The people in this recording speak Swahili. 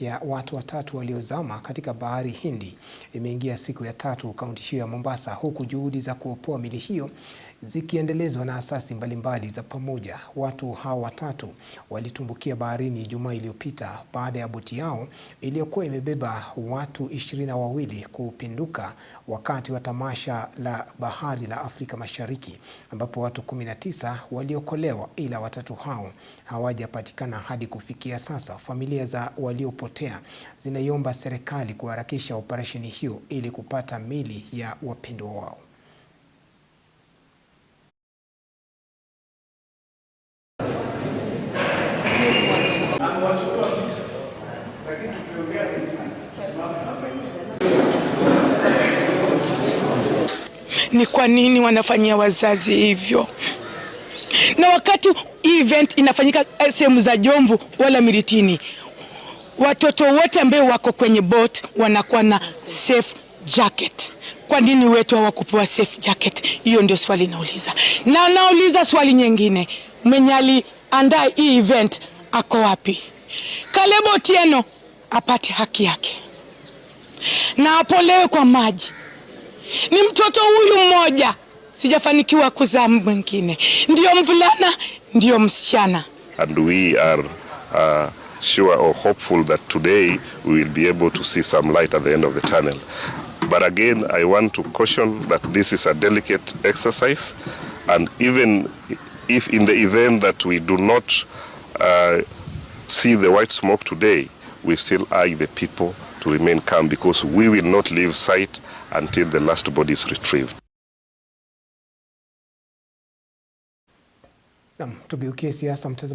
ya watu watatu waliozama katika bahari Hindi imeingia siku ya tatu kaunti hiyo ya Mombasa, huku juhudi za kuopoa mili hiyo zikiendelezwa na asasi mbalimbali za pamoja. Watu hawa watatu walitumbukia baharini Ijumaa iliyopita baada ya boti yao iliyokuwa imebeba watu ishirini na wawili kupinduka wakati wa tamasha la bahari la Afrika Mashariki, ambapo watu kumi na tisa waliokolewa, ila watatu hao hawajapatikana hadi kufikia sasa. Familia za waliopo waliopotea zinaiomba serikali kuharakisha operesheni hiyo ili kupata mili ya wapendwa wao. Ni kwa nini wanafanyia wazazi hivyo? Na wakati event inafanyika sehemu za Jomvu wala Miritini, watoto wote ambao wako kwenye boat wanakuwa na safe jacket. Kwa nini wetu hawakupewa safe jacket? Hiyo ndio swali nauliza, na nauliza swali nyingine, mwenye aliandaa hii event ako wapi? Kalebo Tieno apate haki yake na apolewe kwa maji. Ni mtoto huyu mmoja, sijafanikiwa kuzaa mwingine, ndio mvulana, ndio msichana and we are uh sure or hopeful that today we will be able to see some light at the end of the tunnel. But again, I want to caution that this is a delicate exercise, and even if in the event that we do not uh, see the white smoke today, we still urge the people to remain calm because we will not leave sight until the last body is retrieved. Nam, tugeukie siasa mtazamo